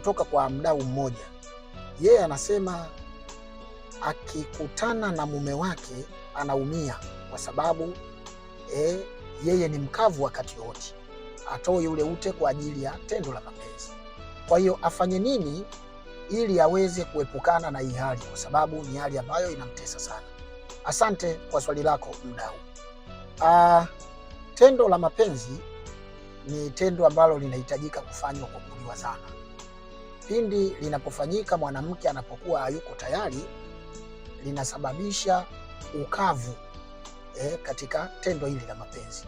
kutoka kwa mdau mmoja. Yeye anasema akikutana na mume wake anaumia kwa sababu eh, yeye ni mkavu wakati wote, atoe ule ute kwa ajili ya tendo la mapenzi. Kwa hiyo afanye nini ili aweze kuepukana na hii hali, kwa sababu ni hali ambayo inamtesa sana. Asante kwa swali lako mdau. Ah, tendo la mapenzi ni tendo ambalo linahitajika kufanywa kwa kuliwa sana pindi linapofanyika mwanamke anapokuwa hayuko tayari, linasababisha ukavu eh, katika tendo hili la mapenzi,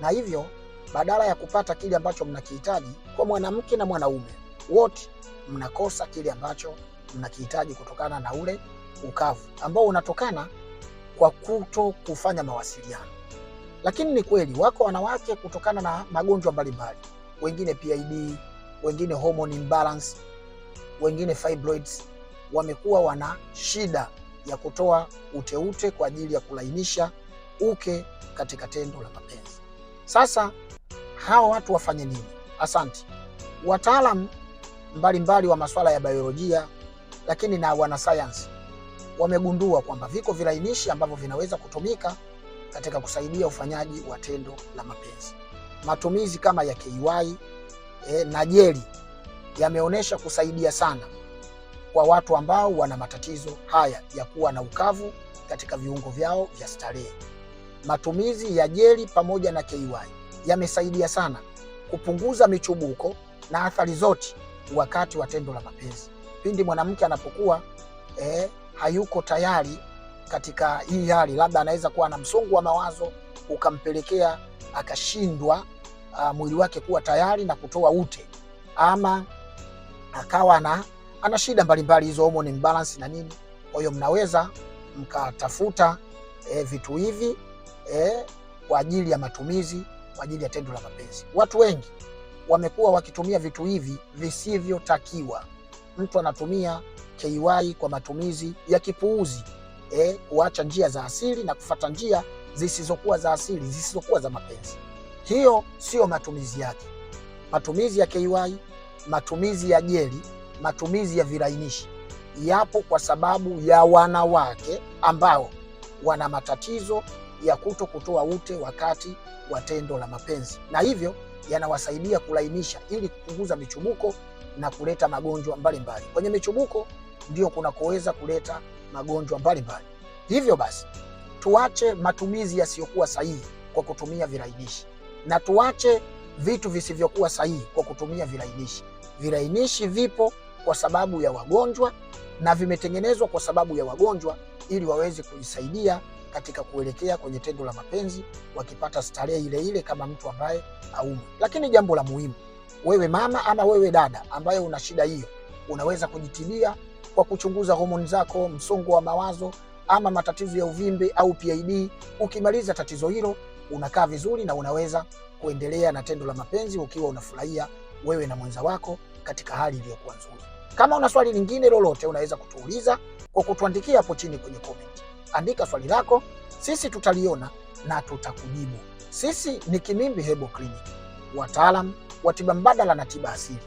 na hivyo badala ya kupata kile ambacho mnakihitaji kwa mwanamke na mwanaume wote, mnakosa kile ambacho mnakihitaji kutokana na ule ukavu ambao unatokana kwa kuto kufanya mawasiliano. Lakini ni kweli wako wanawake, kutokana na magonjwa mbalimbali, wengine PID, wengine hormone imbalance wengine fibroids, wamekuwa wana shida ya kutoa uteute kwa ajili ya kulainisha uke katika tendo la mapenzi. Sasa hawa watu wafanye nini? Asante. Wataalamu mbalimbali wa masuala ya biolojia, lakini na wanasayansi wamegundua kwamba viko vilainishi ambavyo vinaweza kutumika katika kusaidia ufanyaji wa tendo la mapenzi. Matumizi kama ya KY eh, na jeli yameonyesha kusaidia sana kwa watu ambao wana matatizo haya ya kuwa na ukavu katika viungo vyao vya starehe. Matumizi ya jeli pamoja na KY yamesaidia sana kupunguza michubuko na athari zote wakati wa tendo la mapenzi, pindi mwanamke anapokuwa eh, hayuko tayari katika hii hali, labda anaweza kuwa na msongo wa mawazo ukampelekea akashindwa uh, mwili wake kuwa tayari na kutoa ute ama akawa na ana shida mbalimbali hizo hormone imbalance na nini. Kwa hiyo mnaweza mkatafuta e, vitu hivi e, kwa ajili ya matumizi kwa ajili ya tendo la mapenzi. Watu wengi wamekuwa wakitumia vitu hivi visivyotakiwa. Mtu anatumia KY kwa matumizi ya kipuuzi e, kuacha njia za asili na kufata njia zisizokuwa za asili zisizokuwa za mapenzi. Hiyo sio matumizi yake. Matumizi ya KY matumizi ya jeli, matumizi ya vilainishi yapo kwa sababu ya wanawake ambao wana matatizo ya kuto kutoa ute wakati wa tendo la mapenzi, na hivyo yanawasaidia kulainisha ili kupunguza michubuko na kuleta magonjwa mbalimbali Kwenye michubuko ndio kunakoweza kuleta magonjwa mbalimbali Hivyo basi tuache matumizi yasiyokuwa sahihi kwa kutumia vilainishi na tuache vitu visivyokuwa sahihi kwa kutumia vilainishi. Vilainishi vipo kwa sababu ya wagonjwa na vimetengenezwa kwa sababu ya wagonjwa ili waweze kujisaidia katika kuelekea kwenye tendo la mapenzi wakipata starehe ile ile kama mtu ambaye aumwi. Lakini jambo la muhimu, wewe mama ama wewe dada ambaye una shida hiyo, unaweza kujitibia kwa kuchunguza homoni zako, msongo wa mawazo ama matatizo ya uvimbe au PID. Ukimaliza tatizo hilo unakaa vizuri na unaweza kuendelea na tendo la mapenzi ukiwa unafurahia wewe na mwenza wako katika hali iliyokuwa nzuri. Kama una swali lingine lolote, unaweza kutuuliza kwa kutuandikia hapo chini kwenye comment. Andika swali lako, sisi tutaliona na tutakujibu. Sisi ni Kimimbi Herbal Clinic, wataalam wa tiba mbadala na tiba asili,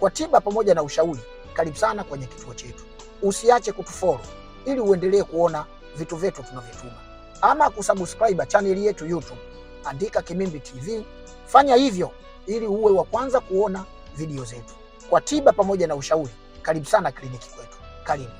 kwa tiba pamoja na ushauri. Karibu sana kwenye kituo chetu. Usiache kutufollow ili uendelee kuona vitu vyetu tunavyotuma, ama kusubscribe chaneli yetu YouTube andika Kimimbi TV. Fanya hivyo ili uwe wa kwanza kuona video zetu kwa tiba pamoja na ushauri. Karibu sana kliniki kwetu, karibu.